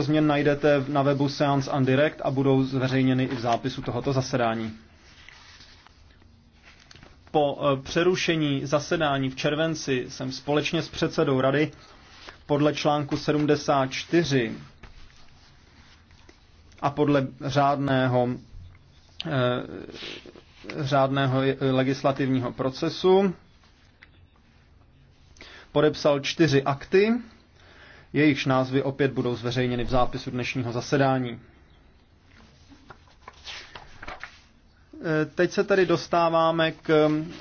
změn najdete na webu Seance and Direct a budou zveřejněny i v zápisu tohoto zasedání. Po e, přerušení zasedání v červenci jsem společně s předsedou rady podle článku 74 a podle řádného, e, řádného legislativního procesu podepsal čtyři akty, jejichž názvy opět budou zveřejněny v zápisu dnešního zasedání. E, teď se tedy dostáváme k